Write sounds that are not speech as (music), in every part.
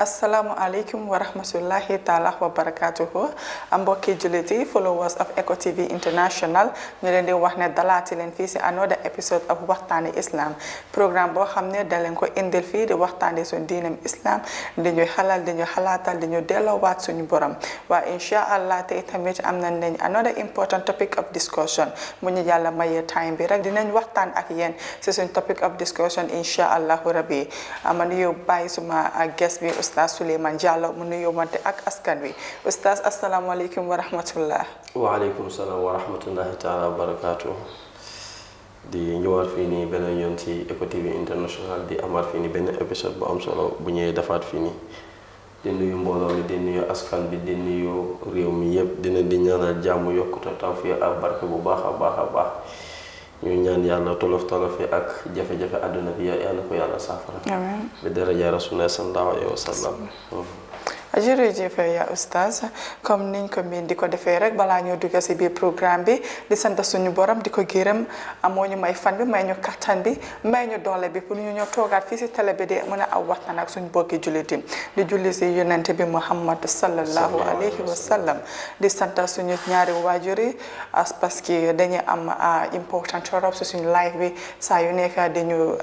asalaamualeykum wa rahmatullahi taala wa barakatuhu mbokki jullit yi followers of Eco TV International ñu leen di wax ne dalaati leen fii si another episode of waxtaani islam programme boo xam ne daleen ko indil fii di waxtaani suñ diinam islam di ñuy xalal di ñu xalaatal di ñu delloowaat suñu borom waa incha allah tey tamit am nañ nañ another important topic of discussion mu ñu yàlla mayee time bi rek dinañ waxtaan ak yéen si suñ topic of discussion incha allahu rabi aman yow bàyyi suma guest bi oustaz Souleymane Diallo mu nuyu yóbbante ak askan wi oustaz asalaamaaleykum wa rahmatullah. waaleykum salaam wa rahmatullahi taala barakaatu. di ñëwaat fi nii beneen yoon ci Eco TV di amaat benn épisode bu am solo bu ñëwee defaat fii nii. di nuyu mbooloo mi di nuyu askan bi di nuyu réew mi yëpp dina di ñaanal jàmm yokkute tawfiq ak barke bu baax a baax a baax. ñu ñaan yàlla tolof tolof yi ak jafe-jafe àdduna bi yàlla na ko yàlla saafara bi daraja rasulullah sallallahu alayhi wa sallam Ah, jërëjëf ya oustaz comme niñ ko miin di ko defee rek balaa ñoo dugg si biir programme bi di sant suñu boram di ko gërëm amoo ñu may fan bi may ñu kattan bi may ñu doole bi pour ñu ñoo toogaat fii si télé bi di mën a ak suñu bokki jullit yi di julli si yonent bi Muhammad sallallahu alayhi wa sallam di sant suñu ñaari waajur yi parce que dañuy am ah, important trop si suñu life bi sa yu nekk dañu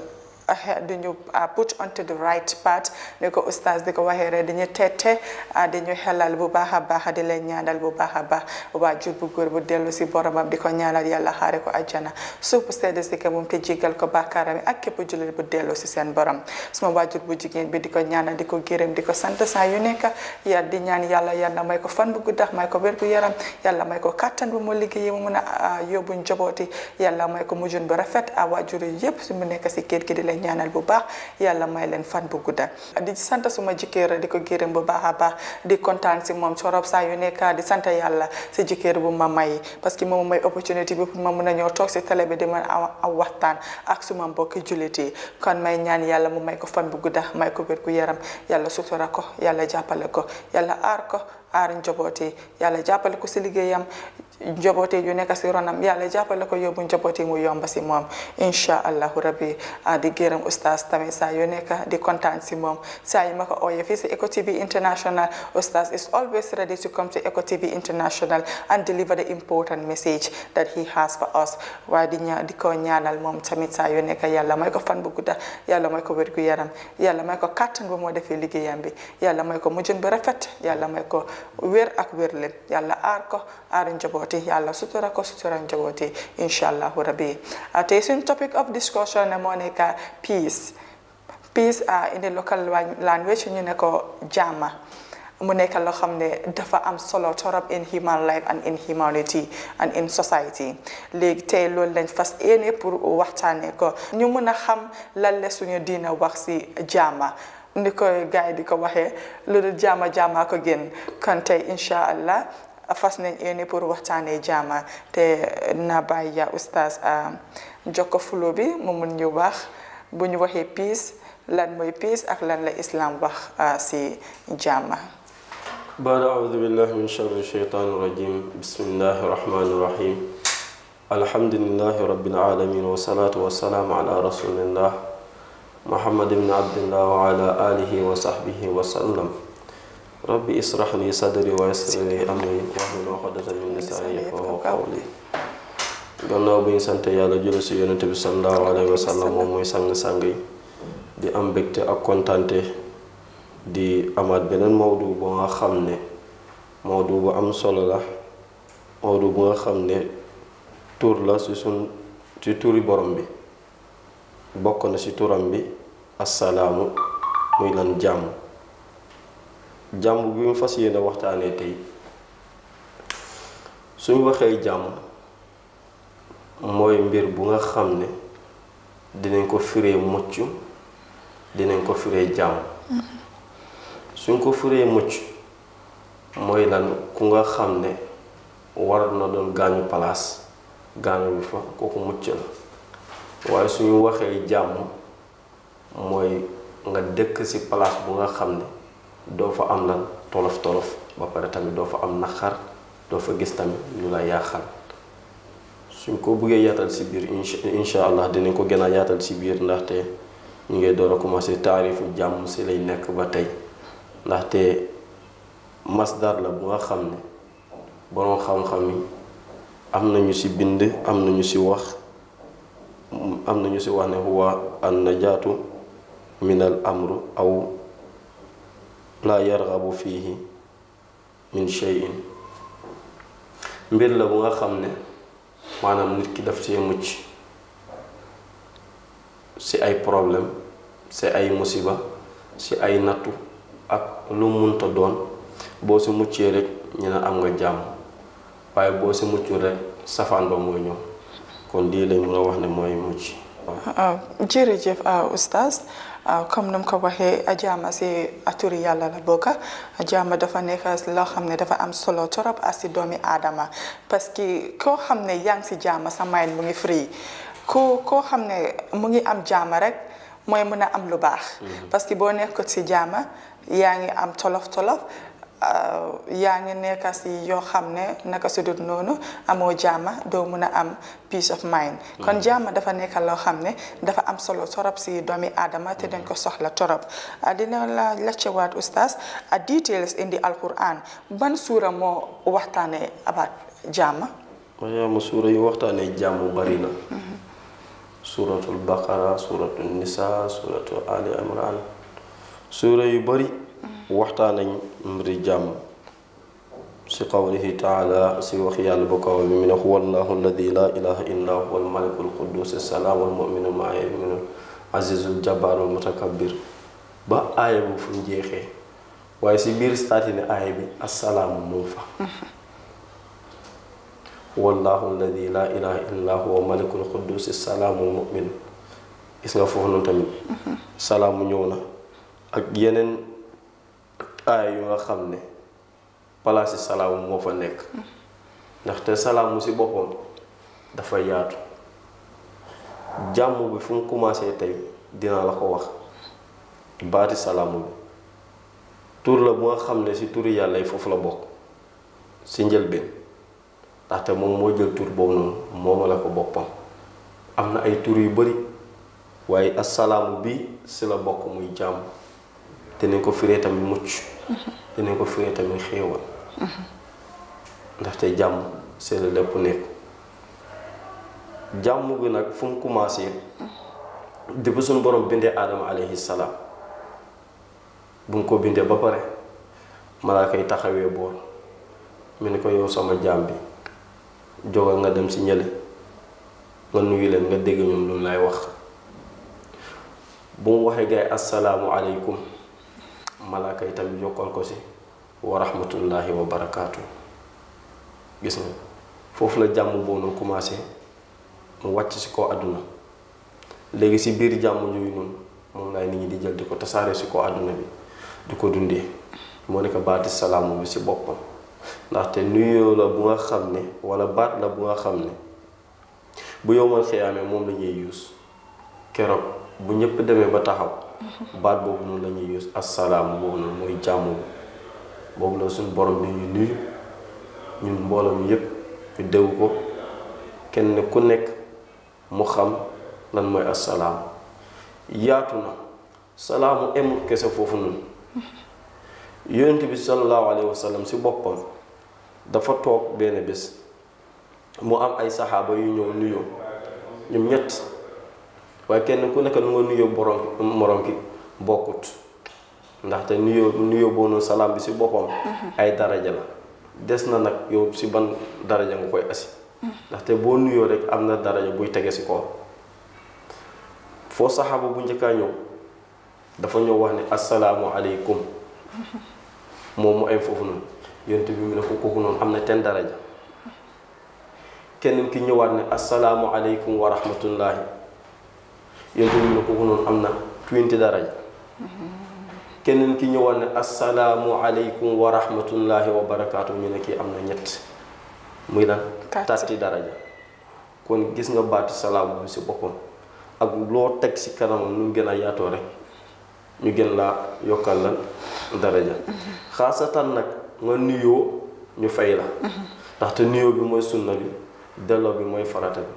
dañu uh, put onto the right path ni ko oustaz di ko waxee rek dañu tette uh, dañu xelal bu baax a baax di leen ñaanal bu baax a baax waajur bu góor bu dellu si boromam di ko ñaanal yalla xaare ko ajjana suuf bu sedd si moom te jéggal ko bàkkaaram ak képp jullit bu dellu si seen borom ma waajur bu jigéen bi di ko ñaanal di ko gërëm di ko sant saa yu nekk ya di ñaan yàlla yàlla may ko fan bu guddax may ko wér gu yaram yàlla may ko kàttan bu mu liggéey mu mun a uh, yóbbu njabooti yàlla may ko mujjun bu rafet a waajur yëpp su mu nekk si koy bu baax yàlla may leen fan bu gudda di sant suma jëkkër di ko gërëm bu baax a baax di kontaan si moom sorop saa yu nekk di sant yàlla si jëkkër bu ma may parce que moom may opportunité bi ma mun a ñëw toog si télé bi di mën a waxtaan ak suma mbokki jullit yi kon may ñaan yàlla mu may ko fan bu gudda may ko wér gu yaram yàlla sutura ko yàlla jàppale ko yàlla aar ko aar njaboot yi yàlla jàppale ko si liggéeyam njabooti yu nekk si ronam yàlla jàppale ko yóbbu njabooti mu yomba si moom incha allahu rabbi ah, di gërëm oustaz tamit saa yu nekk di kontaan si moom saa yi ma ko ooyee fii si Eco TV International oustaz is always ready to come to Eco International and deliver the important message that he has for us waaye di ña di ko ñaanal moom tamit saa yu nekk yàlla may ko fan bu gudda yàlla may ko wér gu yaram yàlla may ko kàttan bu moo defee liggéeyam bi yàlla may ko mujjën bu rafet yàlla may ko wér ak wér leen yàlla aar ko aar njabooti yàlla sutura incha allahu rabbi ah, tey suñ topic of discussion moo nekk peace peace ah, in ñu ne ko jàmma mu nekk loo xam ne dafa am solo torop in human life and in humanity léegi tey loolu lañ fas yéene pour waxtaanee ko ñu mën a xam lan la suñu diina wax si jaama ni ko gars di ko waxee loolu jaama jaama ko gën kon tey allah fas nañ yéene pour waxtaanee jaama te naa bàyyi yaa oustaz jokko fulo bi mu mun ñu wax bu ñu waxee peace lan mooy peace ak lan la islam wax si jaama بعد أعوذ بالله من شر الشيطان الرجيم بسم الله الرحمن الرحيم الحمد لله رب العالمين والصلاة والسلام على رسول الله محمد بن عبد الله وعلى آله وصحبه وسلم rabbi israh li sadri wa yassir li amri wahlul uqdatan min lisaani yàlla julli si yonent bi sallallahu alayhi moom mooy sang sàng yi di am mbégte ak kontante di amaat beneen mawdu bu nga xam ne mawdu bu am solo la mawdu bu nga xam ne tur la si sun ci turi borom bi bokk na ci turam bi assalaamu muy lan jàmm jàmm bi mu fas yéene waxtaanee tey suñ waxee jàmm mooy mbir bu nga xam ne dinañ ko firee mucc dinañ ko firee jàmm suñ ko firee mucc mooy lan ku nga xam ne war na doon gaañu palaas gaañu bi fa kooku mucc la waaye suñu waxee jàmm mooy nga dëkk ci palaas bu nga xam ne doo fa am lan tolof tolof ba pare tamit doo fa am naqar doo fa gis tamit lu la yaaxal suñ ko buggee yaatal si biir incha allah dinañ ko gën a yaatal si biir ndaxte ñu ngi door a commencé taarifu jàmm si lay nekk ba tey ndaxte masdar la bu nga xam ne boroom xam-xam yi am na ñu si bind am na ñu si wax am na ñu si wax ne huwa an najaatu minal amru aw laa yarxabu fiihi min shay'in mbir la bu nga xam ne maanaam nit ki daf see mucc si ay problème si ay musiba si ay nattu ak lu munta doon boo si muccee rek ñu ne am nga jàmm waaye boo si muccul rek safaan ba mooy ñëw kon lii lañ mun a wax ne mooy mucc waaw jërëjëf a ah, oustaz Ah, comme nu mu ko waxee jaama si aturi yàlla la bokk jaama dafa nekk loo xam ne dafa am solo torop assi doomi aadama parce que koo xam ne yaa ngi si jaama sa mayin mu ngi free ko koo xam ne mu ngi am jaama rek mooy mën a am lu baax. Mm-hmm. parce que boo nekkoon si jaama yaa ngi am tolof tolof Euh, yaa ngi nekka si yoo xam ne naka su noonu amoo jàmma doo mun a am peace of mind mm. kon jàmma dafa nekka loo xam ne dafa am solo torop si doomi aadama te dem ko mm. soxla torop euh, dina la laccewaat oustaz details indi alquran ban suura moo waxtaane abaat jàmma maanaam suura yu waxtaane jàmm bari na mm-hmm. suuratul baqara ali imran suura yu bari waxtaanañ mbiri jàmm si qawlihi taala si wax yàlla ba kaw bi mu ne huwa allahu alladi laa ilaha illa huwa almaliku alquddus assalaam almuminu maaminu azizul jabaaru almutakabir ba aaya bu fu njeexee waaye si biir staati ne aaya bi assalaam moom fa wallahu alladi laa ilaha illa huwa malikul quddus salaamul mumin gis nga foofu noonu tamit salaamu ñëw na ak yeneen aay yu nga xam ne palaasi salaamu moo fa nekk ndaxte salaamu si boppam dafa yaatu jàmm bi fu mu commencé tey dinaa la ko wax baati salaamu bi tur la bu nga xam ne si turi yàlla yi foofu la bokk si njëlbeen ndaxte moom moo jël tur boobu noonu mooma la ko boppam am na ay tur yu bari waaye assalaamu bi si la bokk muy jàmm te nañ ko firee tamit mucc dinañ ko fuyee tamit xéewal ndaxte jàmm c'est le lépp nekk jàmm bi nag fu mu commencé depuis suñu borom bindee aadama alayhi bu mu ko bindee ba pare malaaka yi taxawee bool mu ne ko yow sama jaam bi jógal nga dem si ñële nga nuyu leen nga dégg ñoom lu mu lay wax bu mu waxee gay asalaamu aleykum malaka itam yokkal ko ci wa rahmatullahi wa barakatuh. gis nga fofu la bo boobu commencé mu wacc si ko aduna. legi ci bir jamm jooyu noonu moom lay nit ñi di jël diko ko ci si ko aduna bi di dundé mo ne nekk baati salamu bi si ndax ndaxte nuyo la bu nga xamné wala baat la bu nga xamné bu yowmal xiyamé mom la ñuy yuus kérok bu ñëpp démé ba taxaw baat boobu noonu la ñuy use asalaam boobu noonu mooy jàmm boobu la suñu borom bi ñu nuyu ñun mbooloo mi yëpp ñu dégg ko kenn ku nekk mu xam lan mooy asalaam yaatu na salaamu emul kese foofu noonu yonent bi sallallahu alayhi wa sallam si boppam dafa toog benn bés mu am ay saxaaba yu ñëw nuyoo ñoom ñett. waaye kenn ku nekk nu nga nuyoo borom morom ki bokkut ndaxte nuyoo nuyoo boonu salaam bi si boppam. Mhm. ay daraja la des na nag yow si ban daraja nga koy asi. Mhm. ndaxte boo nuyoo rek am na daraja buy tege si kaw foo saxaaba bu njëkkaa ñëw dafa ñëw wax ne asalaamualeykum mhm. moom mu ay foofu noonu yonent bi mu ne ko kooku noonu am na ten daraja kenn ki ñëwaat ne asalaamualeykum wa rahmatullahi yow tamit ne kooku noonu am na tuuti daraja keneen ki ñëwoon ne asalaamualeykum wa rahmatullahi wa barakaatu ñu ne kii am na ñett muy lan tàtti daraja kon gis nga baati salaam bi si boppam ak loo teg si kanam nu mu gën a yaatoo rek ñu gën laa yokkal la daraja xaasatan nag nga nuyoo ñu fay la ndaxte nuyoo bi mooy sunna bi delloo bi mooy farata bi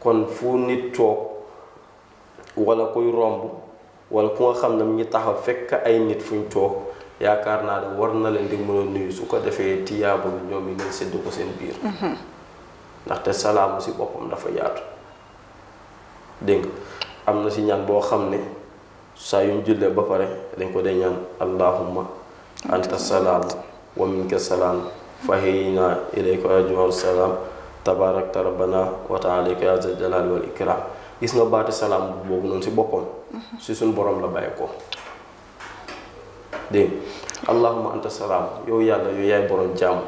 kon fu nit toog wala koy romb wala ku nga xam ne mu ngi taxaw fekk ay nit fuñ toog yaakaar naa ne war na leen di mën a nuyu su ko defee tiyaaba bi ñoom yi ngeen séddu ko seen biir mhm. ndaxte salaamu si boppam dafa yaatu dégg am na si ñaan boo xam ne saa yu ñu jullee ba pare dañ ko dee ñaan allahumma anta salaam wa minka salaam fahiina ilayka ajmalu salaam tabaarakta rabbana wa ta'aalaa yaa zal jalaali wal ikraam gis nga baatu salaam boobu noonu si boppam si suñ borom la bàyyi ko dégg allahuma anta salaam yow yàlla yow yaay borom jàmm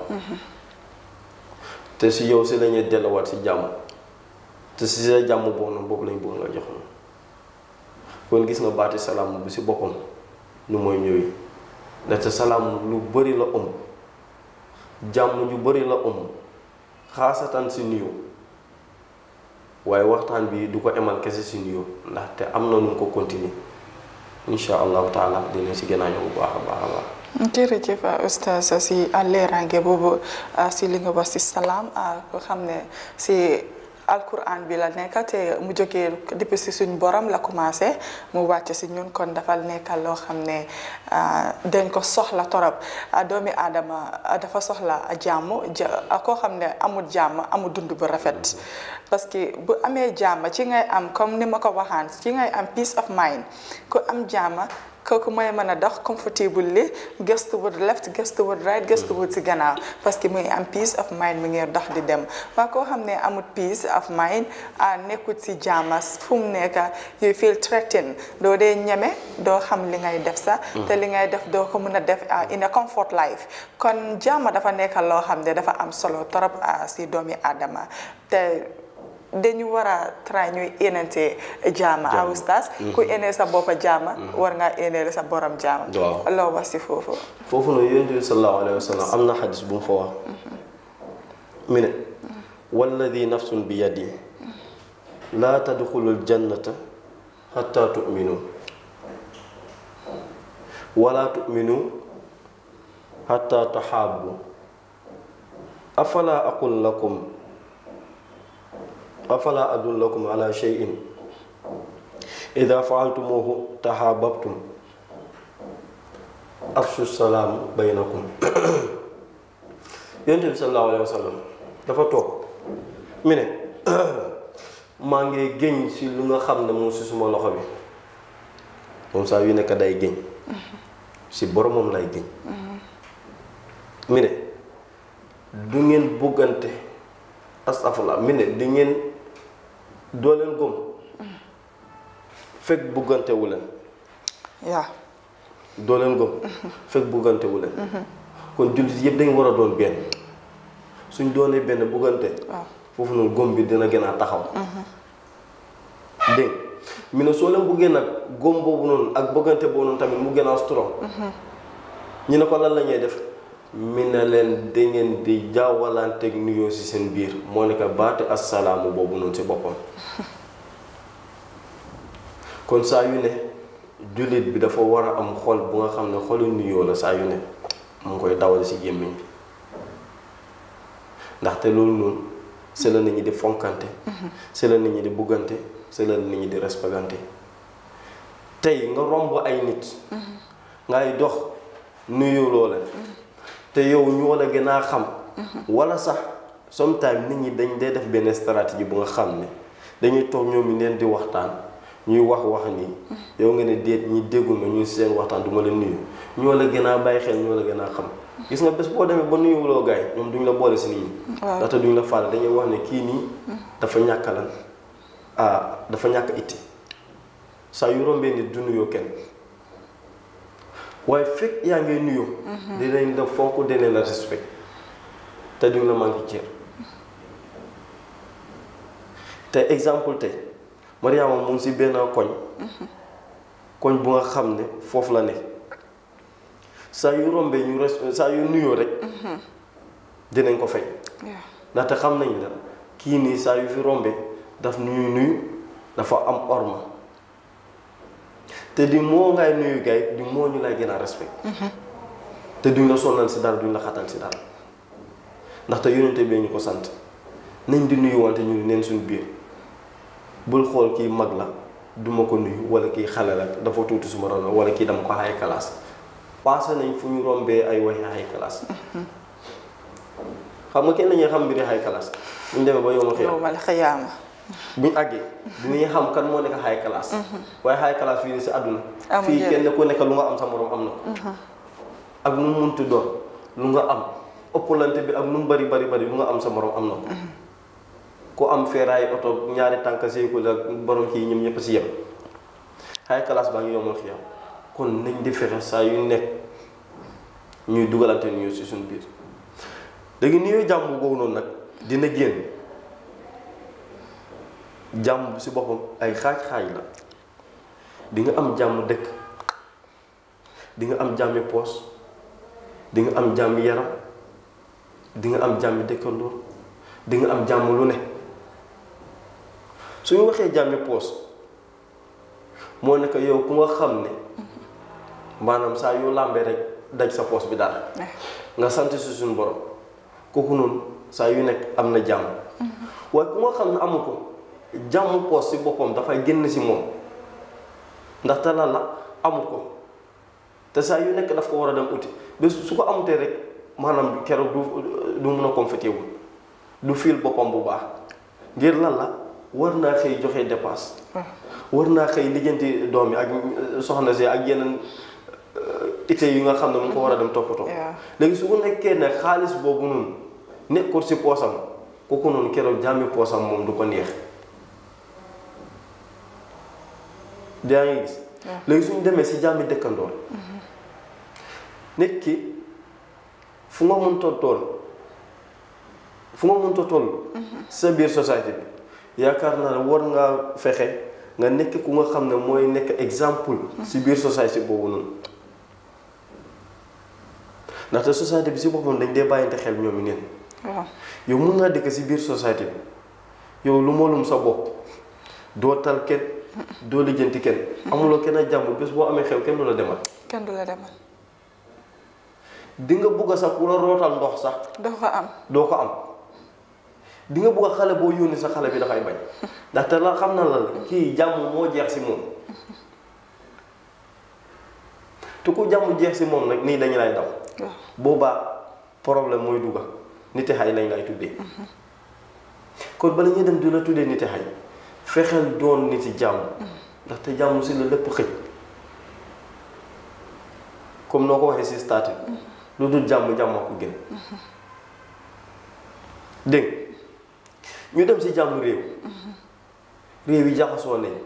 te si yow si lañuy delluwaat si jàmm te si sa jàmm boobu noonu boobu lañ bëgg nga jox na kon gis nga baati salaam bi si boppam nu mooy ñëwee ndaxte salaam lu bari la ëmb jàmm ñu bëri la ëmb xaasatan si nuyu waaye waxtaan bii du ko emal kese si nuyoo ndaxte am na nu ko continuer incha allahu taala dinañ si gën a ñëw bu baax a baax a baax. jërëjëf oustaz si leeraange boobu si li nga wax si salaam ak ah, xam ne si. alquran bi la nekk te mu jógee depuis si suñ borom la commencé mu wàcc si ñun kon defal nekk loo xam ne ah, dañ ko soxla torop ah, doomi aadama ah, dafa soxla jàmm koo xam ne amul jàmm amul dund bu rafet parce que bu amee jàmma ci ngay am comme ni ma ko waxaan ci ngay am peace of mind ku am jàmm kooku mooy mën a dox comfortable li gëstu wut left gëstu wut right gëstu wut si gannaaw parce que muy am peace of mind mu ngi dox di dem waaye koo xam ne amut peace of mind nekkut si jaamas fu mu nekk you feel threatened doo dee ñeme doo xam li ngay def sax mm. te li ngay def doo ko mën a def ah, in a comfort life kon jaama dafa nekk loo xam ne dafa am solo torop si ah, doomi aadama dañu war a try ñuy énante jaama aw mhm. ku éne sa boppa jaama mhm. war ngaa éneele sa borom jaama loo wax si foofu foofu noonu yonent bi bu mu fa wax mhm. mu ne walladi nafsun bi yadi laa tadxulul jannata xataa taxaabu afala aqul lakum afala adullakum ala shay'in ida faaltumuhu tahaababtum afshu salaam baynakum yonent bi sallallahu alayhi wa dafa toog mi ne maa ngi géñ si lu nga xam ne moom si suma loxo bi moom saa yu nekk day géñ si boromam lay géñ mi ne du ngeen buggante astafurlah mi ne du ngeen doo leen gëm fekk buggante wu leen. waaw. doo leen gëm fekk buggante wu leen. kon jullit yëpp dañu war a doon benn suñ doonee benn buggante. waaw foofu noonu gëm bi dina gën a taxaw. dégg mi ne soo leen buggee nag gëm boobu noonu ak bëggante boobu noonu tamit mu gën a strong. Mhm. ñu ne ko lan la def. mi na leen da ngeen di jaawalanteeg nuyoo si seen biir moo nekk baatu assalaamu boobu noonu si boppam kon saa yu ne jullit bi dafa war a am xol bu nga xam ne xolu nuyoo la saa yu ne mu ngi koy dawal si gémmiñ ndaxte loolu noonu si la ñi di fonkante si la nit ñi di buggante si la nit ñi di respectante tey nga romb ay nit mm-hmm. ngay dox nuyoo loola mm-hmm. te yow ñoo la gën a xam. Mhm. wala sax sometimes nit ñi dañ dee def benn stratégie bu nga xam ne dañuy toog ñoom ñu leen di waxtaan ñuy wax wax nii. Mhm. yow nga ne déet ñi dégguma ñu seen waxtaan duma leen la nuyu ñoo la gën a bàyyi xel ñoo la gën a xam. Mhm. gis nga bés boo demee ba nuyuwuloo gaay ñoom duñu la boole si nit ñi. ndaxte duñ la faale dañuy wax ne kii nii. dafa ñàkk la ah dafa ñàkk itti sax yu rombee nit du nuyoo kenn. waaye fekk yaa ngi nuyoo. Mhm. dinañ la fonk dinañ la respect te duñ la manqué cër te exemple tey Mariama mu si benn koñ. Mhm. koñ bu nga xam ne foofu la ne saa yu rombee ñu respect saa yu nuyoo rek. Mhm. dinañ ko fay. ndaxte xam nañ la kii nii saa yu fi rombee daf ñuy nuyu dafa am orma. te di moo ngay nuyu gay di moo ñu lay gën a respect mm-hmm. te duñ la sonnal si dara duñ la xatal si dara ndaxte yónnente bee ñu ko sant nañ di nuyu wante ñu neen suñu biir bul xool kii mag la duma ko nuyu wala kii xale la dafa tuuti suma ron wala kii dama ko xay classe passé nañ fu ñu rombee ay waxi xay classe mm-hmm. xam nga kenn ñi xam mbiri xay classe buñ demee ba yow ma buñ àggee dinañ xam kan mo nek high class mhm. way high class fi ci aduna fi kenn ku nek lu nga am sa morom am mhm. ak nu muntu do lu nga am opulante bi ak nu bari bari bari lu nga am sa morom am ko mhm. ku am ferai auto ñaari sey ko la borom ki ñim ñep ci yem high class ba ngi yomul xiyam kon nañ di fexe nek yu nekk ñuy dugalante ñu ci sun biir léegi nuyoo jàmm googu noonu nak dina genn jàmm bi si boppam ay xaaj-xaaj la dinga am jàmm dëkk dinga am jàmmi poos dinga am jàmm yaram di nga am jàmmi dëkkandoor dinga am jàmm lu ne suñu waxee jàmmi poos moo nekk yow ku nga xam ne maanaam saa yu làmbee rek daj sa poos bi daal eh. nga sant si suñu borom kooku noonu saa yu nekk am na jàmm mm-hmm. waaye ku nga xam ne amu ko jàmm poos si boppam dafay génn si moom ndax te la amut ko te saa yu nekk daf ko war a dem uti ba su ko amutee rek maanaam keroog du du mun a comforté wu du fiil boppam bu baax ngir lan la war naa xëy joxe dépense. war naa xëy lijjanti doom yi ak euh, soxna si ak yeneen euh, ite yu nga xam ne mu ko war a dem toppatoo. Mm-hmm. léegi su ko nekkee ne xaalis boobu noonu nekkul si poosam kooku noonu keroog jàmmi poosam moom du ko neex. yaa ngi demee si jàmmi dëkkandoo mm-hmm. nit ki fu nga mënta mm-hmm. sa biir société naa ne war ngaa fexe nga nekk ku nga xam ne mooy nekk exemple. si mm-hmm. biir société boobu noonu. ndaxte bi si boppam dañ dee bàyyante xel ñoom neen yow mun ngaa dëkk si biir société bi yow lu moolum sa bopp doo tal doo lijjanti kenn. amuloo kenn ak jàmm bés boo amee xew kenn du la demal. kenn du la demal. di nga bugg a sax ku la rootal ndox sax. doo ko am doo ko am. di nga bugg xale boo yónni sa xale bi dafay bañ. ndaxte la xam na la kii jàmm moo jeex si moom. te ku jàmm jeex si moom nag nii dañu lay daw. boobaa problème mooy dugga nite xay lañ lay tuddee. Mhm. kon bala ñuy dem du la tuddee nite xay. fexeel doon nit ci jàmm ndaxte jàmm si la lépp xëj comme noo ko waxee si statique lu dul jàmm jàmm ko gën dégg ñu dem si jàmm réew réew yi jaxasoo nañ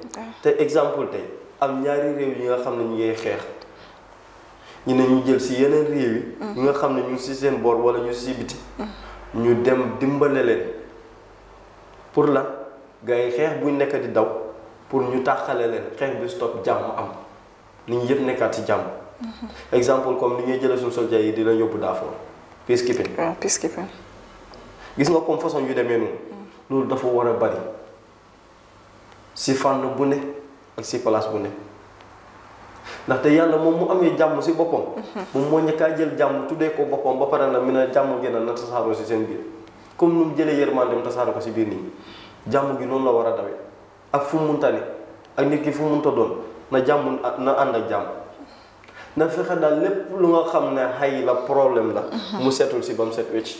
te exemple tey am ñaari réew yi nga xam ne ñu ngay xeex ñu ne ñu jël si yeneen réew yi ñu nga xam ne ñu si seen boor walla ñu si biti ñu dem dimbale leen pour la gars yi buñ nekk di daw pour ñu nous leen xeex bi stop jàmm am nit ñi yëpp nekkaat mhm. exemple comme ni ñuy jëlee suñu di la yóbbu peacekeeping. peacekeeping. gis nga comme façon yu demee noonu. Nous mm. dafa war a bari si fànn bu ak place bu moom mu mhm. jël ko ba comme ko biir jàmm gi noonu la war a dawe ak fu mu munta ne ak nit ki fu mu munta doon na jàmm na ànd ak jàmm na fexe daal lépp lu nga xam ne xay la problème la mu setul si ba mu set wecc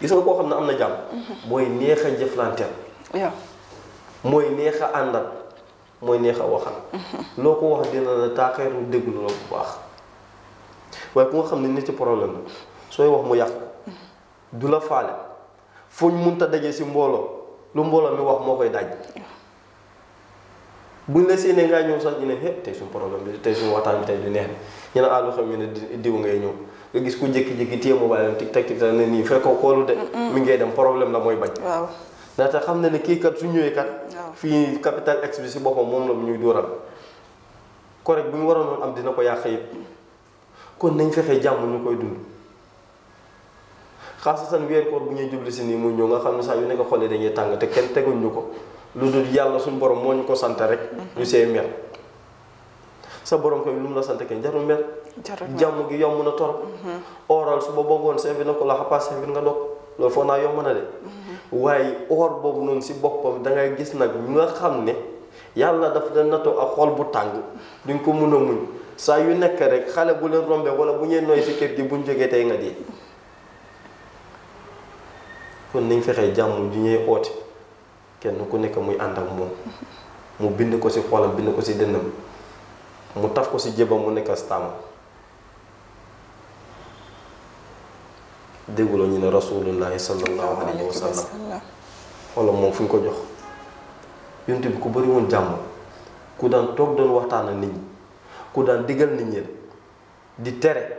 gis nga koo xam ne am na jàmm mooy neex a jëflanteel mooy neex a àndal mooy neex a waxal loo ko wax dina la taaxeeru déglu la bu baax waaye ku nga xam ne nit ci problème la sooy wax mu yàq du la faale fu ñu munta daje si mbooloo lu mbooloo mi wax moo koy daj buñ la séenee ngaa ñëw sax ñu ne é eh, tey suñu problème bi tey suñu waxtaan bi tey du neex ñu ne àllu ah, xam ñu ne diw ngay ñëw nga gis ku jékki-jékki téye mobile tik ne nii fekk ko mi ngay dem problème la mooy bañ ndaxte xam na ne kii kat su ñëwee kat fii capital ex bi si boppam moom la bu ñuy dóoral correct bu ñu waroon am dina ko yàq yëpp kon nañ fexe jàmm ñu koy dund san weer koor bu ñuy jublu ci ni mu ñu nga xam sa yu nekk xolé dañuy tang te kenn teguñ ñuko luddul yalla suñu borom moñ ko sante rek ñu sey mer sa borom koy lu la sante kenn jarul mel jamm gi yom na torop mhm. oral bo bogon sey bi ko la sey bi nga dok lo fo na yom na de mhm. waaye or bobu non si bopam da ngay gis nak ñu nga xamne ne yàlla daf leen natoo ak xol bu tang duñ ko mun muñ sa yu nekk rek xalé bu leen rombee wala bu ñe noy ci kër gi buñu jógee tay nga di kon niñ fexé jamm ju ñëw oté kenn ku nekk muy and ak moom mu bind ko ci xolam bind ko ci dëndam mu taf ko ci jëbam mu nekk staamam dégguloo ñu ne rasulullah sallallahu alaihi wasallam xolam xoolam fuñ ko jox yuntib ku bari woon jamm ku daan tok doon waxtaan ak nit ñi ku daan digal nit ñi di téré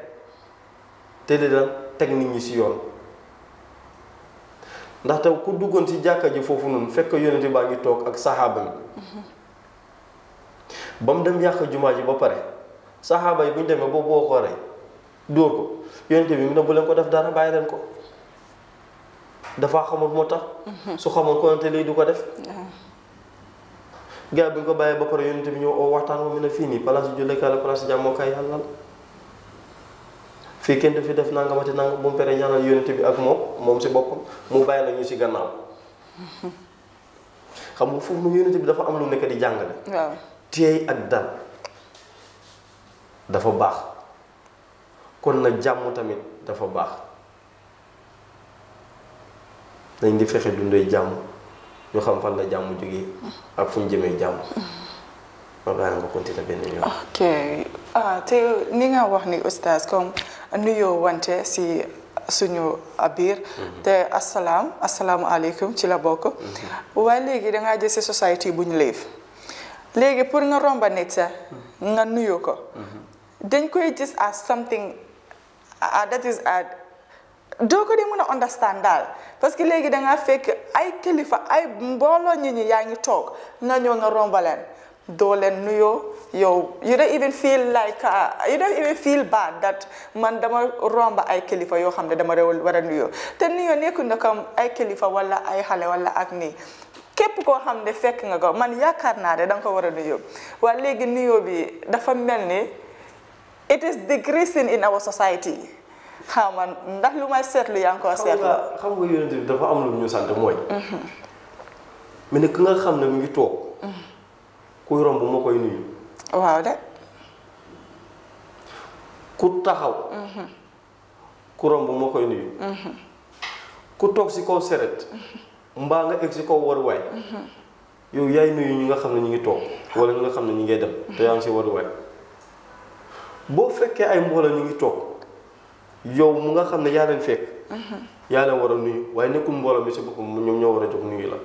té di daan tek nit ñi ci yoon ndaxte ku duggoon ci jàkka ji foofu noonu fekk yonent baa ngi toog ak saxaaba yi ba mu dem yàq jumaa ji ba pare saxaaba yi bu ñu demee boo boo xoolee dóor ko yonent bi mu ne bu leen ko def dara bàyyi leen ko dafa xamul moo tax su xamoon konante lii du ko def gars bi nga ko bàyyee ba pare yonent bi ñëw oo waxtaan ko mu ne fii nii place julleekaay la place jàmmookaay yàlla la fii kenn du fi def nangamati nangam bu mu paree ñaanal yonent bi ak moom moom si boppam mu bàyyi la ñu si gannaaw. xam nga foofu yonent bi dafa am lu nekk di jàngale. waaw teey ak dal dafa baax kon na jàmm tamit dafa baax dañ di fexe dundee jàmm ñu xam fan la jàmm jóge ak fu ñu jëmee jàmm. comme nga ah, te ni nga wax ni oustaz comme nuyoo wante si suñu biir. Mhm. te asalaam asalaamualeykum ci la bokk. Mhm. waaye léegi da ngaa jël si société bu ñu leef léegi pour nga romba nit sax mhm. nga nuyoo ko. dañ koy gis as something ah, ah, doo ko di mën a understand daal parce que léegi da ngaa fekk ay kilifa ay mbooloo nit ñi yaa ngi toog nga ñëw nga rombaleen doo nuyoo yow you don't even feel like uh, you don't even feel bad that man dama romba ay kilifa yoo xam ne dama rew war a nuyoo te nuyoo nekkul na ay kilifa wala ay xale wala ak nii képp koo xam ne fekk nga ko man yaakaar naa ne danga ko war a nuyoo waaye léegi nuyoo bi dafa mel ni it is decreasing in our society xaw ma ndax lu may seetlu xam nga yonent dafa am lu ñu sant mooy mhm. mu ne nga xam ne mu ngi toog mhm. kuy romb moo koy nuyu. waaw de. ku taxaw. Mhm. ku romb moo koy nuyu. Mhm. ku toog ci kaw seret. Mhm. mbaa nga egg si kaw waruwaay. yow yaay nuyu ñu nga xam ne ñu ngi toog walla ñi nga xam ne ñu ngay dem te yaa ngi ci waruwaay boo fekkee ay mboola ñu ngi toog yow mu nga xam ne yaa leen fekk. yaa leen war a nuyu waaye nekkul mbooloo bi ci boppam ñoom ñoo war a jóg nuyu la.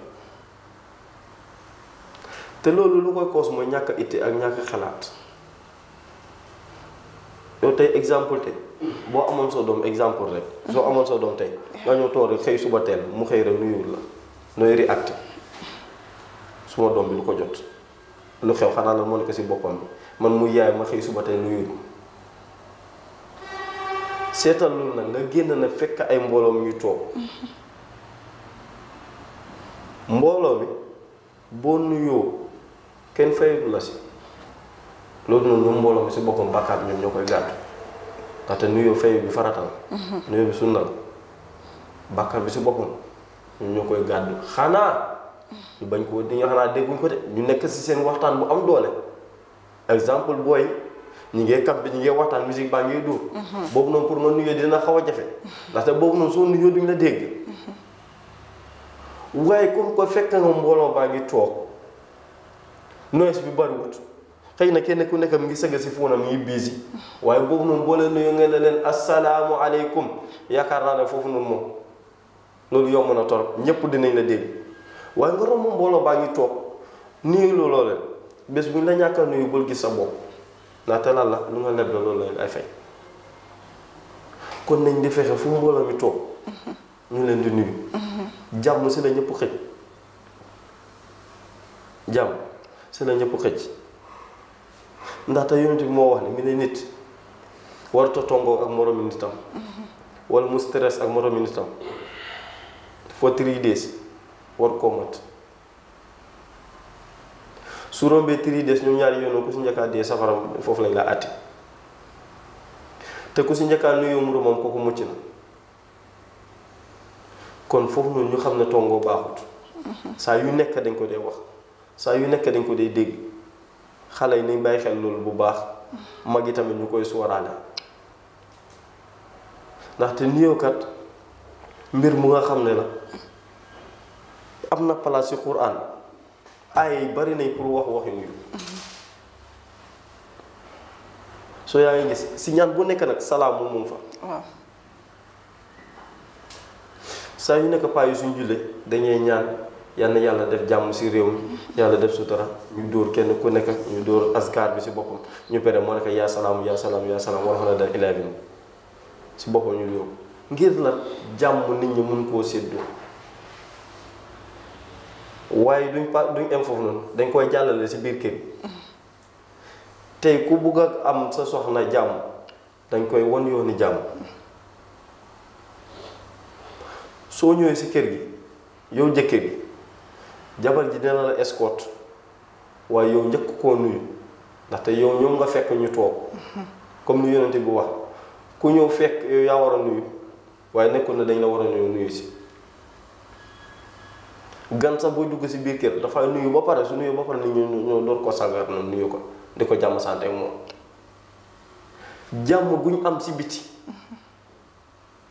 te loolu lu koy cause mooy ñàkk itte ak ñàkk xalaat yow tey exemple tey boo amoon soo doom exemple rek soo amoon soo doom tey nga ñëw toog rek xëy suba teel mu xëy rek nuyu la nooy react suma doom bi lu ko jot lu xew xanaa la moo nekk si boppam bi man mu yaay ma xëy suba tey nuyu ma seetal lu nag nga génn na fekk ay mbooloo ñu toog mbooloo bi boo nuyoo kenn fayul la si loolu noonu ñoom mbooloo mi si boppam bàkkaat ñoom ñoo koy gàddu ndaxte nuyoo fay bi farata la mhm. nuyoo bi sunna la bàkkaat bi si boppam ñoom ñoo koy gàddu xanaa ñu bañ koo di nga dégguñ ko de ñu nekk si seen waxtaan bu am doole exemple booy ñi ngee kap bi ñi ngee waxtaan musique baa ngi dóor mhm. boobu noonu pour nga nuyoo dina xaw a jafe mhm. ndaxte boobu noonu soo nuyoo duñ la dégg waaye comme ko fekk nga mbooloo baa ngi toog noise bi bariwut xëy na kenn ku nekk mi ngi sëgg si fuunam yi biisi waaye boobu noonu boo leen nuyoo ngeen ne leen asalaamu aleykum yaakaar naa ne foofu noonu moom loolu yow yomb na torop ñëpp dinañ la dégg waaye nga romb mbooloo baa ngi toog nii looloo leen bés bu ñu la ñàkk a nuyu bul gis sa bopp ndaxte lan la lu nga leb la loolu leen ay fay kon nañ di fexe fu mbooloo mi toog ñu leen di nuyu mm-hmm. jàmm si la ñëpp xëj jàmm sene a ñëpp xëcc ndaxte yonent bi moo wax ne mi ne nit warut tongoo ak moroomi nitam wala mu stress ak moroomi nitam fo tri des war koo mat su rombee three days ñoom ñaari yoon ku si njëkkaa dee safaram foofu lañ la ati te ku si njëkkaa nuyoo moroomam kooku mucc na kon foofu noonu ñu xam ne tongoo baaxut saa yu nekk dañ ko dee wax saa yu nekk dañ ko dee dégg xale yi nañ bàyyi xel loolu bu baax mag yi tamit ñu koy sooraale ndaxte kat mbir mu nga xam ne la am na place ci Quran aaya yi bari nañ pour wax waxi nuyu soo yaa ngi gis si ñaan bu nekk nag salaam moom fa saa yu nekk paa yu suñ jullee dañuy ñaan yalla yalla def jamm ci rew mi yalla def sutura ñu door kenn ku nekk ñu door azkar bi ci boppam ñu pere mo nekk ya salam ya salam ya salam war xana ila ilaahi ci si ñu yóbbu ngir la jamm nit ñi mun koo seddu waye duñ pa duñ em fofu non dañ koy jallale ci bir keer tay ku bugg a am sa soxna jamm dañ koy won yoni jamm so ñoy ci keer gi yow jëkkër gi jabar ji dina la escorte waaye yow njëkk koo nuyu ndaxte yow ñoom nga fekk ñu toog comme ni yonente bi wax ku ñëw fekk yow yaa war a nuyu waaye nekkul na dañ la war a nuyu si gan sax booy dugg si biir kër dafa nuyu ba pare su nuyu ba pare nit ñu ñoo door ko sagar na nuyu ko di ko jàmm sante ak moom jàmm bu ñu am si biti mm-hmm.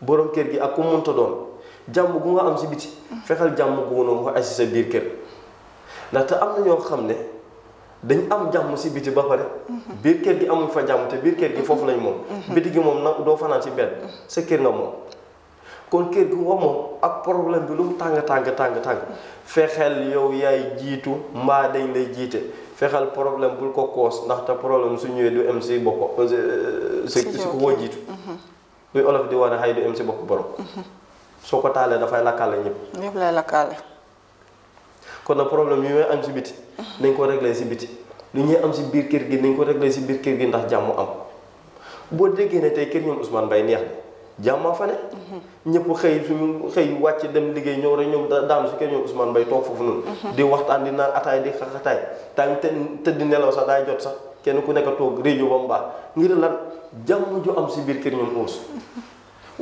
borom kër gi ak ku mënta doon jàmm gu nga am si biti fexeel jàmm gu nga ko ay si sa biir kër ndaxte am na ñoo xam ne dañ am jàmm si biti ba pare mhm. biir kër gi amuñ fa jàmm te biir kër gi mhm. foofu lañ moom mhm. biti gi moom nag doo fanaan si benn sa kër nga moom kon kër gi nga moom ak problème bi lu mu tàng tàng tàng tàng fexeel yow yaay jiitu mbaa dañ lay jiite fexeel problème bul ko koos ndaxte problème su ñëwee du am si bokk si si ko woo jiitu luy olof di war a xay du am si bokk borom soko talé da fay lakalé ñep ñep lay lakalé kon na problème yu may am ci biti. nañ ko régler ci biti. lu ñuy am ci biir kër gi nañ ko régler ci biir kër gi ndax jamm am bo déggé né tay kër ñoom Ousmane Baye neex jamm fa ne. ñëpp xëy suñu xey wacc dem liggéey ñow rek ñoom daam ci kër ñoom Ousmane Mbaye toog foofu noonu. Mhm. di waxtaan di naan ataay di xaxataay tam te di nelaw sax daay jot sax kenn ku nekk toog réew ba ngir lan jamm ju am ci biir kër ñoom Ousmane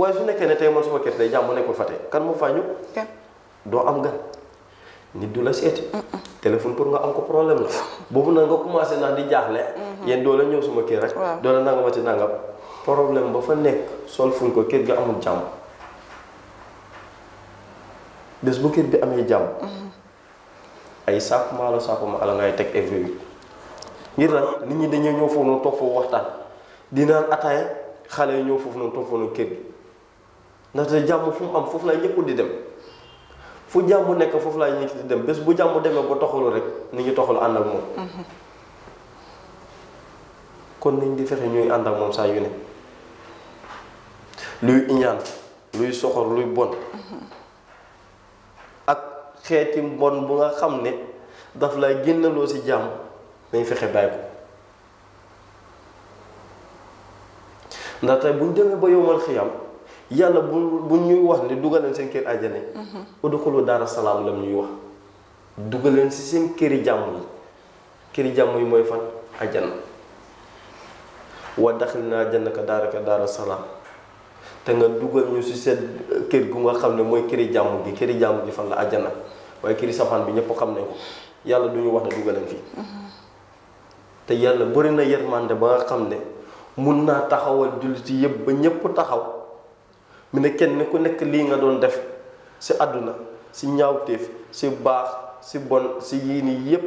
waaye fu nekké né tay mon suma kër day jamm nekkul fa tey kan mo fañu do am gan nit du la seeti téléphone pour nga am ko problème la (laughs) bobu na nga commencé na di jaxlé mm-hmm. yeen do la ñew suma kër rek do la nangama ci nangam problème ba fa nekk sol fuñ ko kër ga amul jamm des bu kër bi amé jamm mm-hmm. ay sàpp la sàpp ma ala ngay tek every ngir nag nit ñi dañuy ñew foofu noonu tok foofu waxtaan di ataaya xale xalé ñëw fofu non toog foofu noonu kër ndaxte jamu fu am foofu lay ñëpp di dem fu jamu nek foofu lay ñëpp di dem bes bu jamu demee ba toxalu rek ni ñu toxalu and ak mom kon nañ di fexé ñuy and ak mom sa yu ne luy iñaan luy soxor luy bon ak xéti bon bu nga xamné daf lay génnaloo ci jàmm nañ fexé bàyyi ko ndaxte buñu demee ba yomal xiyam yalla bu bu ñuy wax duggal dugaleen seen kër aljana yi mhm. udxulu daara lam ñuy wax dugaleen ci seen kër jamm yi kër jamm yi moy fan aljana wa dakhilna naa jannaka daaraka daara salam te nga dugal ñu ci seen eh, kër gu nga xamne moy kër jamm gi kër jamm gi fan la aljana way kër safan bi ñepp xam nañ ko yalla duñu wax wax duggal dugaleen fi mhm. te yalla bari na yermande ba nga xamne mën na taxawal taxawal jullit yeb ba ñepp taxaw mu ne kenn ku nekk lii nga doon def si àdduna si ñaawteef si baax si bon si yii nii yépp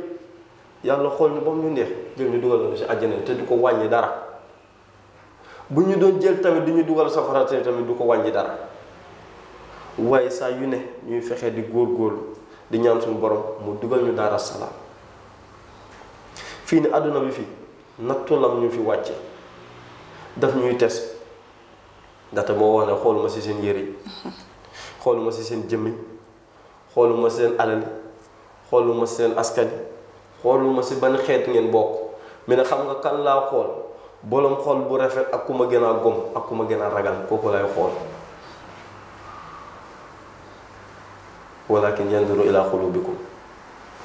yàlla xool ni ba mu neex jël ñu dugal na si àjjana te du ko wàññi dara bu ñu doon jël tamit du ñu dugal safara te tamit du ko wàññi dara waaye saa yu ne ñuy fexe di góor góorgóorlu di ñaan suñu borom mu dugal ñu daara salaam fii ni àdduna bi fii nattu lam ñu fi wàcce daf ñuy tes ndaxte moo wax ne xooluma si seen yére yi xooluma si seen jëmmi xooluma si seen alal xooluma si seen askan xooluma si ban xeet ngeen bokk mi ne xam nga kan laa xool bolom xool bu rafet ak ku ma gën a gom ak ku ma gën a ragal kooku lay xool walakin yanduru ila xulubikum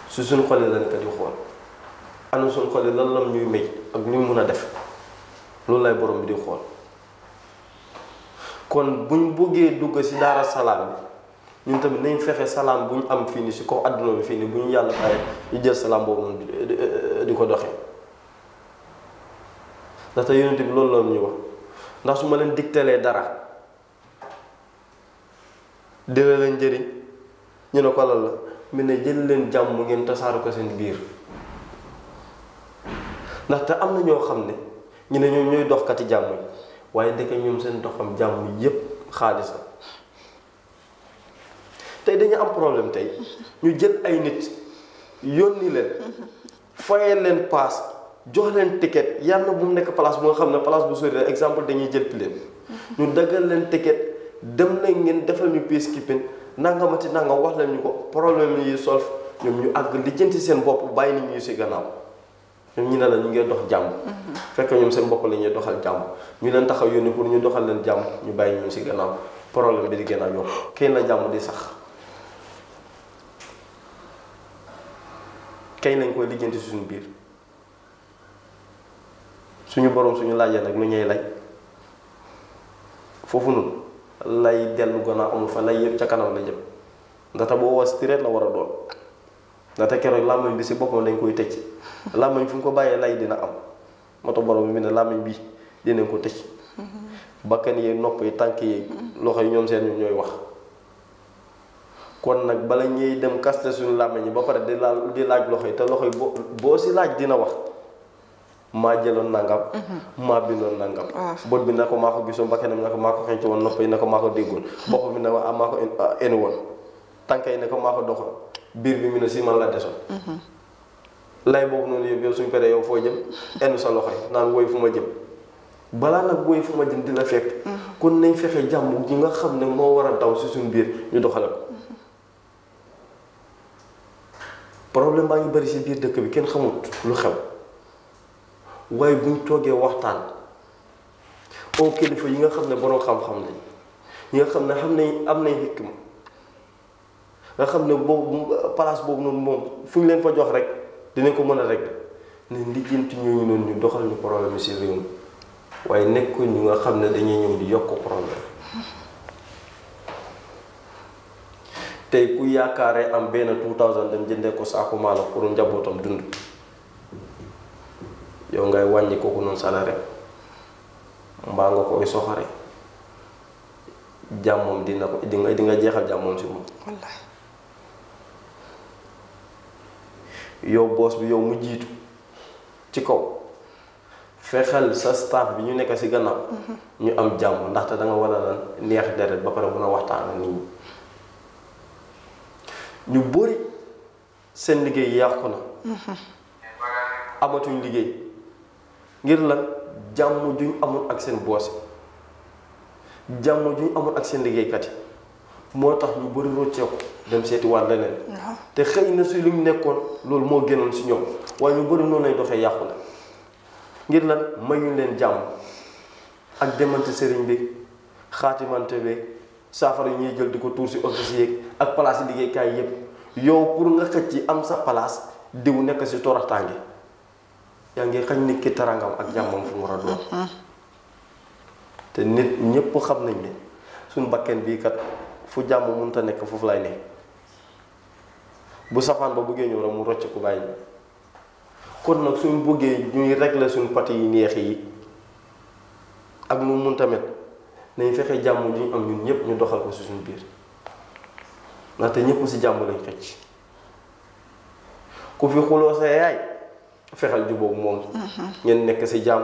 su suñ xoli lan ka di xool anu suñ xoli lan lam ñuy méj ak ñu mun a def loolu lay borom bi di xool kon buñ bëggé dugg ci dara salam ñun tamit nañ fexé salam buñ am fini ni ko kaw àdduna bi fii ni bu ñu yàlla di jël salam boobu noonu di ko doxee ndaxte yonente bi loolu ñu wax ndax suma ma leen digtalee dara dina leen njëriñ ñu ne ko la la mi ne jël leen jàmm ngeen tasaaru ko seen biir ndaxte am na ñoo xam ne ñu ne ñoom ñooy doxkati jàmm yi waaye ndeke ñoom seen doxam jàmm yépp xaalis la tey dañu am problème tey ñu jël ay nit yónni leen fayal leen paas jox leen ticket yàlla bu mu nekk place bu nga xam ne place bu sori exemple dañuy jël pileen ñu daggal leen ticket dem na ngeen defal ñu peacekeeping nangamati nanga wax leen ñu ko problème yi solve ñoom ñu àgg lijjanti seen bopp bàyyi nit ñi si gannaaw ñoom ñu ne la ñu ngee dox jàmm fekk ñoom seen bopp la ñuy doxal jàmm ñu leen taxaw yónni pour ñu doxal leen jàmm ñu bàyyi ñun si gannaaw problème bi di gën a yokk kañ la jàmm di sax kañ lañ koy lijjanti suñu biir suñu boroom suñu laajee nag lu ñuy lay foofu noonu lay dellu gannaaw amul fa lay yëpp ca kanam la jëm ndaxte boo was tireet la war a doon ndaxte keroog làmmiñ bi si boppam dañ koy tëj làmmiñ fu ñu ko bàyyee lay dina am moto tax borom bi ne làmmiñ bi dinañ ko tëj bakkan nopp yi tànk yeeg loxo yi ñoom seen ñooy wax kon nag bala ñuy dem kaste suñu làmmiñ yi ba pare di di laaj loxo yi te loxo yi boo boo laaj dina wax maa jëloon nangam. Mhm. maa bindoon nangam. Ah. bët bi na ko maa na ko maa woon nopp yi na ko maa ko déggoon. na ko ah maa ah, tànk yi ne ko maa ko doxoon biir bi mu ne si man la desoon. Mhm. lay boobu noonu yëpp yow suñ paree yow foo jëm enn sa loxo yi naan woy fu ma jëm balaa nag woy fu ma jëm di la fekk mhm. kon nañ fexe jàmm ji nga xam ne moo war a daw si suñ biir ñu doxale ko mhm. problème baa ngi bëri si biir dëkk bi kenn xamut lu xew waaye buñ toogee waxtaan oo kilifa yi nga xam ne borom xam-xam lañ ñi nga xam ne xam nañ am nañ hikma nga xam ne boobu place boobu noonu moom fu ñu leen fa jox rek dinañ ko mën a rek ne lijjanti ñooñu noonu ñu doxal ñu problème si réew mi waaye nekk ñu nga xam ne dañuy ñëw di yokk problème tey ku yaakaaree am benn 2000 dem jënde ko saaku pour njabootam dund yow ngay wàññi kooku noonu salaire mbaa nga koy soxare jàmmoom dina ko di nga di nga jeexal jàmmoom si moom. yow boos bi yow mu jiitu ci kaw fexeel sa staff bi ñu nekk ci gannaaw mm-hmm. ñu am jàmm ndaxte da war a la neex deret ba pare mun a waxtaan nit ñi ñu bëri seen liggéey yàqu na mm-hmm. amatuñ liggéey ngir la jàmm juñ amul ak seen boos jàmm juñ amul ak seen liggéeykat yi motax ñu bari bëri ko dem seeti waat leneen te xëy na su lu nekkoon lool mo gënal si ñom wa ñu bari noonu lay doxee ngir lan mayu len jam ak demante sëriñ bi xaatimante bi safar yi ñi jël di tour ci office yeeg ak place kay yépp yow pour nga xëc am sa place wu nekk si tangi ya ngi xañ nit ki tarangam ak jàmmam fu mu mm-hmm. te nit ñepp xam nañ ne suñu bakken bi kat fu jàmm mënut ta nekk foofu lay ne bu safaan ba ñu ñëw rek mu rocc ku bàyyi kon nag suñ buggee ñuy régler suñu pati yi neex yi ak nu mun tamit nañ fexe jàmm li ñu am ñun ñëpp ñu doxal ko si suñu biir ndaxte ñëpp si jàmm lañ xëcc ku fi xuloo sa yaay fexeel ju moom mm-hmm. ngeen nekk si jàmm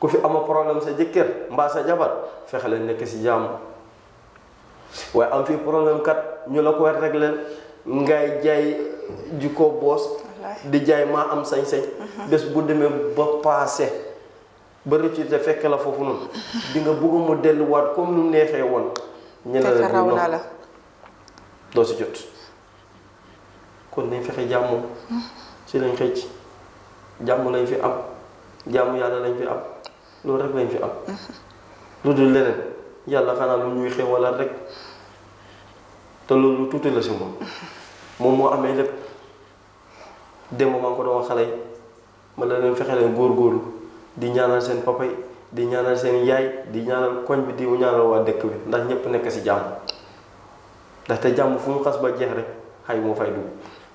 ku fi ama problème sa jëkkër mbaa sa jabar fexe leen nekk si jàmm waaye am fii problème kat ñu la koy régler ngay jaay jiko boos di jaay maa am sañ-sañ mhm. bés bu demee ba paase ba rëccu te fekk la foofu noonu mhm. di nga bëgg mu delluwaat comme nu neexee woon ñeneen la jot kon nañ fexe jàmm si mhm. lañ xëcc jàmm lañ fi am jàmm yàlla lañ fi am loolu rek lañ fi am lu dul leneen yàlla xanaa lu ñuy xewalal rek te loolu tuuti la si moom moom moo amee lépp démb maa ngi ko doon xale yi ma ne leen fexe leen góorgóorlu di ñaanal seen papa di ñaanal seen yaay di ñaanal koñ bi di ñaanal waa dëkk bi ndax ñëpp nekk si jàmm ndaxte jàmm fu mu xas ba jeex rek xay moo fay dugg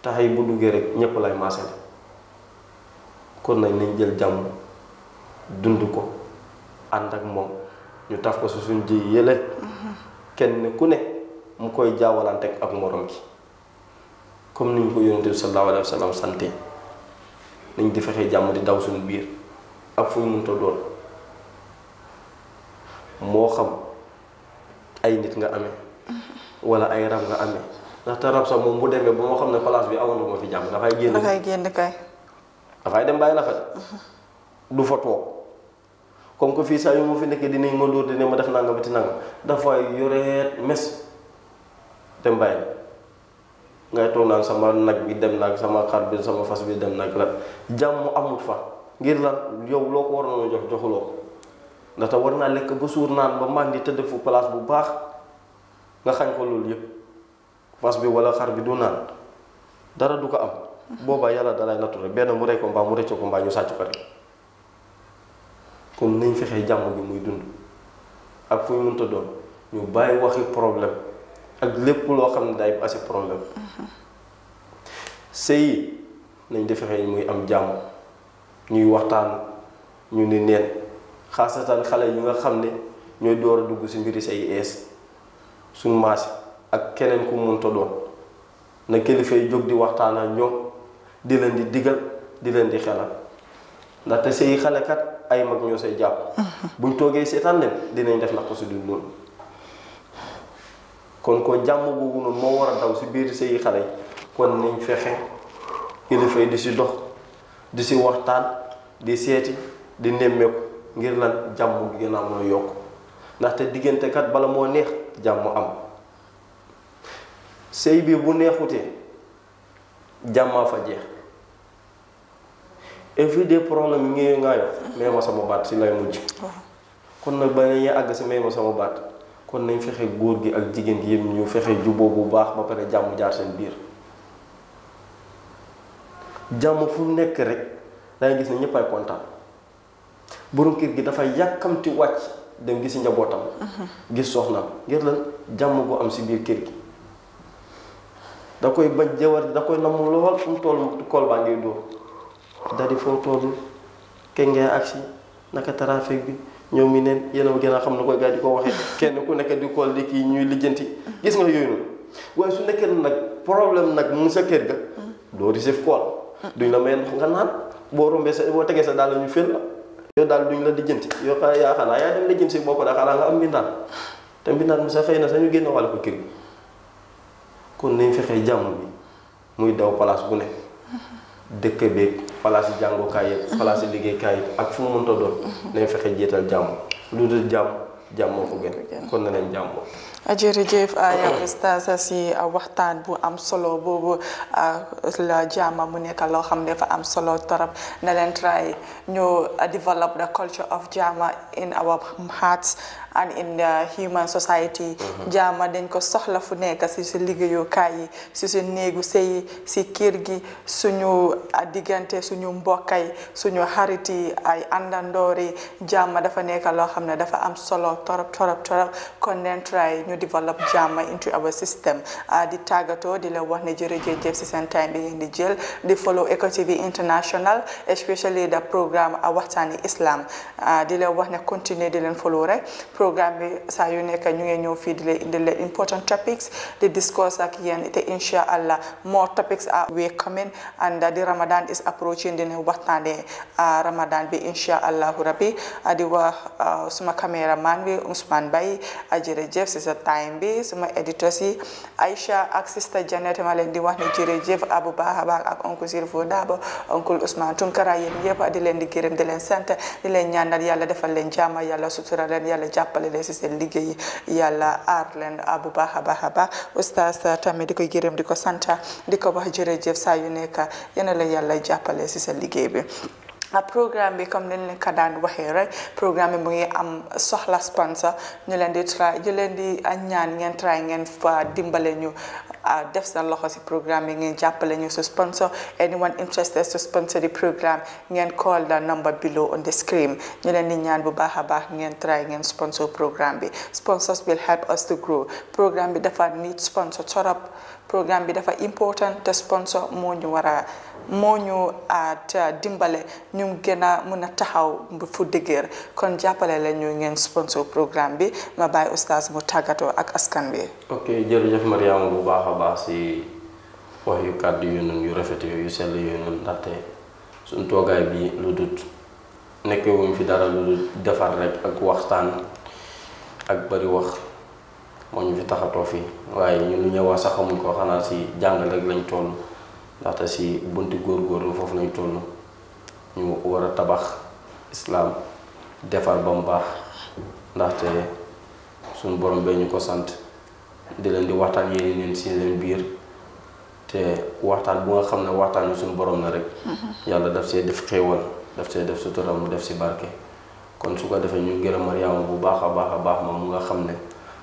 te xay bu duggee rek ñëpp lay maasal kon nag ni jël jàmm dund ko ànd ak moom ñu taf ko su suñ ji yële mm-hmm. kenn ku ne. mu koy jaawalante ak morom gi comme ni ñu ko yonente bi sallallahu alayhi wa sallam sante nañ di fexe jàmm di daw suñu biir ak fu ñu mënta doon moo xam ay nit nga amee wala ay rab nga amee ndaxte rab sax moom bu demee ba moo xam ne place bi awoon moo fi jàmm dafay génn dafay génn kay dafay dem bàyyi la fa du fa toog comme que fii saa yu ma fi nekkee dinañ ma dóor dinañ ma def nangam ti nangam dafay yoreet mes te mbay ngay toog sama nak bi dem nak sama xar bi sama fas bi dem nak la jàmm amul fa ngir lan yow loko war na jox joxulo ndax ndaxte war na lek ba sour nan ba mandi te place bu bax nga xagn ko lol yeb fas bi wala xar bi du nan dara du ko am boba yalla dalay natou rek ben mu rek ko mbaa mu rëcc ko mbaa ñu sàcc ko rek kon nañ fexee bi muy dund ak fu mënta doon ñu waxi problème ak lépp loo xam ne day passé problème sëy nañ defexee muy am jàmm ñuy waxtaan ñu ni neen xaasatan xale yi nga xam ne ñooy door a dugg si mbiri say ees suñ maas ak keneen ku munta doon na kilifa yi jóg di waxtaan ak ñoom di leen di digal di leen di xelal ndaxte sëy xale kat ay mag ñoo say jàpp buñ toogee seetaan leen dinañ def naqo si dul loolu kon kon jamm googu non mo wara daw si biir sey xalé yi kon niñ fexé ilu fay di si dox di si waxtaan di séti di nemmeeku ngir lan jamm gi gëna mo yok ndax té digënté kat bala mo neex jamm am sey bi bu neexuté jàmmaa fa jeex every day problème ngey ngeen ngaayo ma sama baat si lay mujj kon nak ba ñi ag si may ma sama baat kon nañ fexé goor gi ak jigen gi yëpp ñu ju bo bu baax ba paré jamm jaar seen biir jamm fu nekk rek nga gis ni ñëpp ay borom kër gi dafa yakamti wacc dem gis njabootam gis soxna ngir lan jamu gu am ci biir kër gi da koy bañ jëwër da koy namu lool fu mu kol ba baa ngay dadi fo toll kenge aksi naka trafic bi ñoom mi neen yéen a gën a xam na koy gars ko waxee kenn ku nekk di kool di kii ñuy lijjanti gis nga yooyu noonu waaye su nekkee nag problème nag mu sa kër ga doo receive call duñ la may ndox nga naan boo rombee sa boo tegee sa daal la ñu la yow daal duñ la lijjanti yow xanaa yaa naa yaa dem lijjanti si bopp daa xanaa nga am mbindaan te mbindaan mu sa xëy na sañu génn wàll ko kër gi kon nañ fexee jàmm bi muy daw place bu ne dëkk beeg place yi jàngukaay yi place yi liggéeykaay yi ak fu mu mënta doon mm-hmm. nañ fexe jiital jàmm lu dul jàmm jàmmoo ko gën kon na leen Ah, jërëjëf ah, yow Oustaz si ah, waxtaan bu am solo boobu la jaama mu nekk loo xam ne dafa am solo torop na leen try ñu develop the culture of jaama in our hearts and in the human society mm-hmm. jaama dañ ko soxla fu nekk si si liggéeyukaay yi si si néegu sëy si kër gi suñu diggante suñu mbokkay suñu xarit yi ay àndandoori jaama dafa nekk loo xam ne dafa am solo torop torop kon leen try ñu develop jàmm into our system ah, di tàggatoo di la wax ne jërëjëf si seen time bi ngeen di jël di follow Eco TV International especially the programme ah, waxtaani islam ah, di la wax ne continuer di len follow rek programme bi saa yu nekk ñu ngi ñëw fii di leen indi leen important topics di discuss ak yéen te insha allah more topics are we coming and di Ramadan is approaching dina waxtaane Ramadan bi insha allahu rabbi di wax suma caméraman bi Ousmane Bay jërëjëf si sa time bi suma éditeurs yi Aïcha ak sista Janet ma leen di wax ne jërëjëf abu baax baax ak oncle sirfo Dabo oncle Ousmane Tunkara yéen yëpp di leen di gërëm di leen sant di leen ñaanal yàlla defal leen jaama yàlla sutura leen yàlla jàppale leen si seen liggéey yàlla aar leen abu baax a baax a baax oustaz tamit di koy gërëm di ko sant di ko wax jërëjëf saa yu nekk yéen la yàlla jàppale si seen liggéey bi programme bi comme dañ leen ko daan waxee rek programme bi mu ngi am soxla sponsor ñu leen di try ñu leen di ñaan ngeen try ngeen fa dimbalee ñu def seen loxo si programme bi ngeen jàppale ñu su sponsor anyone interested to sponsor programme ngeen call the number below on ñu leen di ñaan bu baax a baax ngeen try ngeen sponsor programme bi sponsors will help us to grow programme bi dafa need sponsor torop programme bi dafa important te sponsor moo ñu wara moñu at dimbale ñu gëna mëna mun a taxaw fu dëgër kon jappalé la ñu ngeen sponsor programme bi ma bay oustaz mu tagato ak askan bi ok jërëjëf mariam bu baaxa baax si wax yu kaddu yu nun yu rafété yu sell yu nun daté suñ togaay bi lu dut wuñ fi dara lu dut defar rek ak waxtaan ak bari wax moñu fi taxato fi waye ñu ñëwa sax ko xana si jàng rek lañ tollu ndaxte si góor góorgóorlu foofu lañ toll ñu war a tabax islaam defar ba mu baax ndaxte suñu borom bee ñu ko sant di leen di waxtaan yéen leen si leen biir te waxtaan bu nga xam ne waxtaan wi suñu borom na rek mm-hmm. yàlla daf see def xéewal daf see def sutura mu def si barke kon su ko defee ñu gërëm Mariama bu baax a baax a baax moom nga xam ne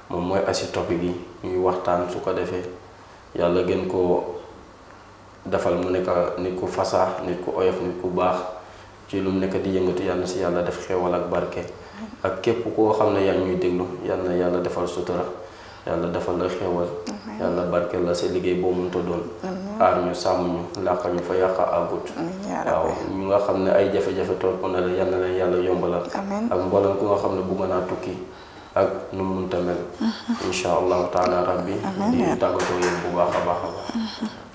moom mooy asi topp gi ñuy waxtaan su ko defee yàlla gën koo defal mu nekk nit ku fasaa nit ku oyof nit ku baax ci lu mu nekk di yëngatu yàlla si yàlla def xewal ak barke ak képp koo xam ne yaa ñuy déglu yàlla na defal sutura yàlla defal la xéewal yàlla barkeel la sa liggéey boo mënta doon aar ñu sàmm ñu làq ñu fa yàq àggut waaw ñu nga xam ne ay jafe-jafe topp na la yàlla na yàlla yombalal ak mboolem ku nga xam ne bugg naa tukki ak nu mu mënta mel (laughs) insha allahu taala rabbi di tàggatoo yéen bu baax a baax a baax (laughs)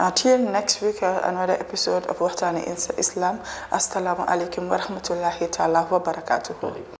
Until uh, next week, uh, another episode of Wahtani Islam. Assalamu alaikum wa rahmatullahi ta'ala wa barakatuhu.